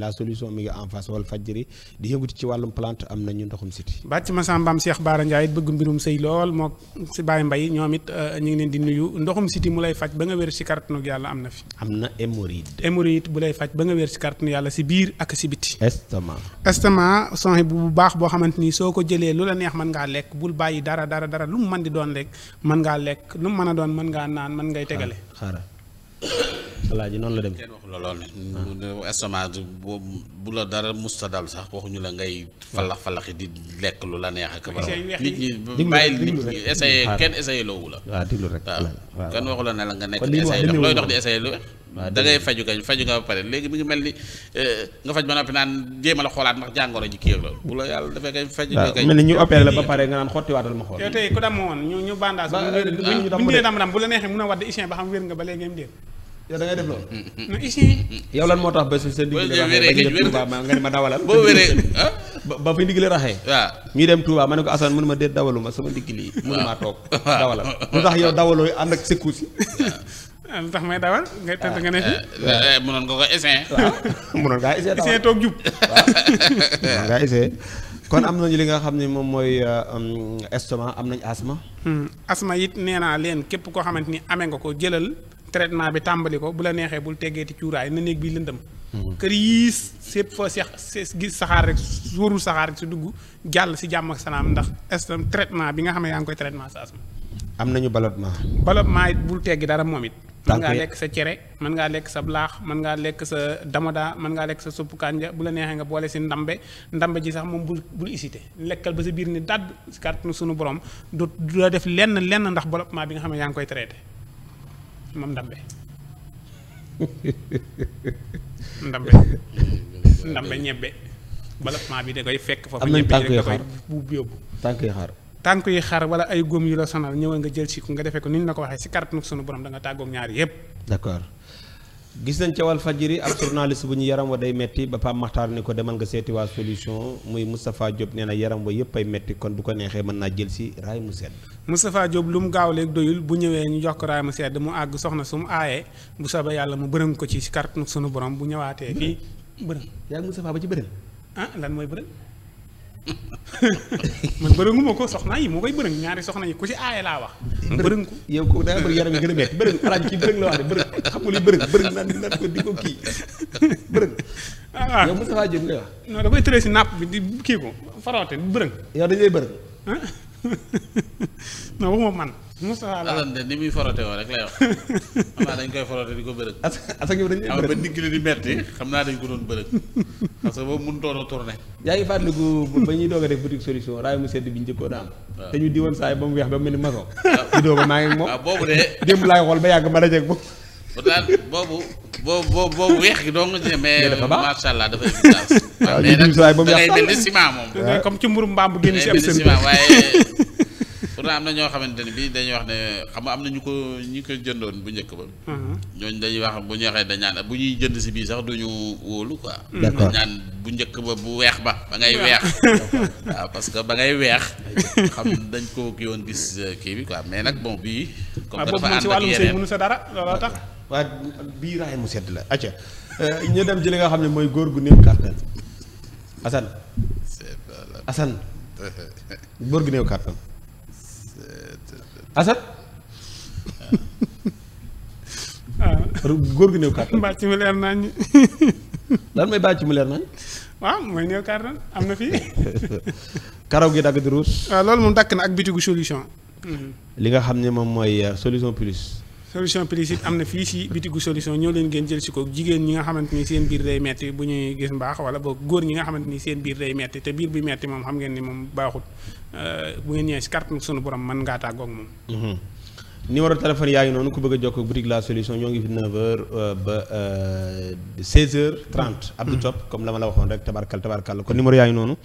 la solution mi ngi en face wal fajri di yënguti ci wàllum plante am nañu ndoxum siti bàcc ma sambaam Cheikh Baara Ndiaye it bëgg mbirum sëy lool moo si Baye Mbaye ñoom it euh, ñu ngi leen di nuyu ndoxum siti mu lay faj ba nga wér si kàttanu yàlla am na fi am na hémorroïde hémorroïde bu lay faj ba nga wér si kàttanu yàlla si biir ak si biti estomac estomac songe bu baax boo xamante ni soo ko jëlee lu la neex mën ngaa lekk bul bàyyi dara dara dara lu mu mën di doon lekk mën ngaa lekk lu mën a doon mën ngaa naan mën ngay tegale xaaral ji noonu la dem kenn waxu la lool estomac bu la dara musta dal sax waxuñu la ngay fallax fallaxi di lekk lu la neex ak ba nit ñi bàyyi nit ñi essayé kenn essayé loowu la waaw diglu rek waaw kenn waxu la ne la nga nekk dox di essayé lu da ngay faju kañ faju nga ba pare léegi mi ngi mel ni eh, nga faj ba noppi naan jéem a la xoolaat ndax jàngoro ji kii la bu la yàlla dafay kay faju nga kay mel ni ñu opéré la ba pare nga naan xottiwaatal ma xool yow tey ku ah. damm a wadd ba xam wér nga ba yow da def loolu. mais ici. yow lan moo tax ba seen digle raxee ba ma nga ne ma dawalal. boo wéree ah? ba fi digle raxee. waaw ñuy dem Touba ma ne ko Assane mun ma déet dawalu ma sama digg lii. waaw maa toog dawalal. lu tax yow dawaloo ànd ak sëkku si. Ah, lu tax ne fi. Ah, eh, munoon nga ko essayer. toog jub. waaw munoon kon am nañu li nga xam ne moom mooy euh, um, estomac am nañu asma. Hmm, asma it nee naa leen képp koo xamante ni amee nga ko jëlal. traitement bi tàmbali ko bu la neexee bul teggeeti cuuraay na néeg bi lëndëm hmm. kër yii sépp fa seex gis saxaar rek wërul saxaar rek si dugg jàll si jàmm ak salaam ndax estam traitement bi nga xamee ne yaa ngi koy traitement sa asma am nañu ballottement ballottement it bul teggi dara moom it mën ngaa lekk sa cere mën ngaa lekk sa blaax mën ngaa lekk sa damada mën ngaa lekk sa suppu kànja bu la neexee nga boole si ndambe ndambe ji sax moom bul bul isité lekkal ba sa biir ni dadd si kàttanu sunu borom du du la def lenn lenn ndax ballottement bi nga xam ne yaa ngi koy traité moom Ndambe. Ndambe Ndambe ñebbe balapement bi da koy fekk foofu. am nañ tànk yi xar yóbbu. tànk yi xar. tànk yi xar wala ay góom yu la sonal ñëwal nga jël si ko nga defee ko ni ñu la ko waxee si kàttanu sunu borom da nga tàggoog ñaar yëpp. d'accord. gis nañ ca wal fajiri ab journaliste bu ñu yaram wa day metti ba Pape Makhtar ni ko demal nga seeti waa solution muy Moustapha Diop nee na yaram wa yëpp ay metti kon bu ko neexee mën naa jël si raay mu sedd Moustapha Diop lu mu gaaw léegi doyul bu ñëwee ñu jox ko raay mu sedd mu àgg soxna su mu aayee bu soobee yàlla mu bërëm ko ci si kàttanu sunu borom bu ñëwaatee fii bërëm yaa ngi Moustapha ba ci bërëm ah lan mooy bërëm man bërënguma ko soxna yi moo koy bërëng ñaari soxna yi ku si aaye laa wax. bërëng ko yow ko daa bëri yaram yi gën a métti bërëng alaaj kii bërëng la wax de bërëng xam nga naan ko di ko kii bërëng. ah yow Moustapha Diop ngay wax. non da koy tëree si napp bi di kii ko faroote bërëng. yow dañuy bërëng. Ah. non waxuma man. Moustapha alal de ni muy forote woo rek lay wax xam naa dañ koy forote di ko bërëg asak yow dañ lay bërëg ba li di metti xam naa dañ ko doon bërëg parce que boobu mun toona tourné yaa ngi fàttaliku ba ñuy doog a def boutique solution raay mu sedd bi njëkkoo daam te ñu diwoon saa yi ba mu weex ba mu mel ni maçon vidéo ba maa ngi moom waaw boobu de démb laay xool ba yàgg ma dajeeg moom daal boobu boobu weex gi doo nga jëlee mais macha allah dafay évidence. ba mu yàq mais nag da comme ci mburu mbaam bu génn waaye. pourtant na ñoo xamante ne bii dañuy wax ne xam nga am na ko ñu ko jëndoon bu njëkk ba. Mhm. ñooñu dañuy wax bu ñu waxee bu ñuy jënd si bii sax duñu wóolu quoi. Mhm. bu njëkk ba bu weex ba ba ngay weex. waaw parce que ba ngay weex. xam dañ ko yoon woon gis euh, kii bi quoi mais nag bon bii. comme ah, dafa ànd ak yeneen mënu sa dara looloo tax. waa bii raay mu sedd la acca euh, ñu dem ci nga xam ne mooy góor gu néew kàttan Assane. Assane góor gu néew kàttan Assane. ah góor gi néew kàttan. bàcc mu leer nañ. lan mooy bàcc mu leer nañ. waaw mooy néew kàttan am na fii. karaw gi dagg di ruus. waaw ah, loolu moom dakk na ak bitigu solution. li nga xam ne moom mooy euh, solution plus. solution Précide am na fii si bitigu solution ñoo leen ngeen jël si ko jigéen ñi nga xamante ni seen biir day metti bu ñuy gis mbaax wala boog góor ñi nga xamante ni seen biir day metti te biir bi metti moom xam ngeen ni moom baaxut euh, bu ngeen ñëwee si kàttanu sunu borom man ngaa tàggoog moom. Mhm. numéro téléphone yaa ngi noonu ku bëgg a ko boutique la solution ñoo ngi fi 9h euh, ba 16h30. Euh, Abdou mhm. Top comme la ma la waxoon rek tabarkal tabarkal kon numéro yaa ngi noonu.